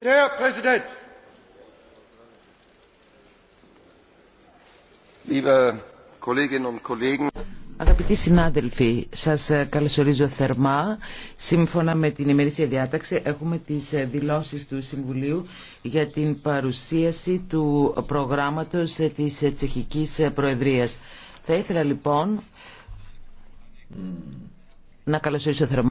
Liebe Kolleginnen und Kollegen, Αγαπητοί συνάδελφοι, σας ε, καλωσορίζω θερμά. Σύμφωνα με την ημερήσια διάταξη έχουμε τις ε, δηλώσεις του Συμβουλίου για την παρουσίαση του προγράμματος ε, της Τσεχικής Προεδρίας. Θα ήθελα λοιπόν να καλωσορίσω θερμά.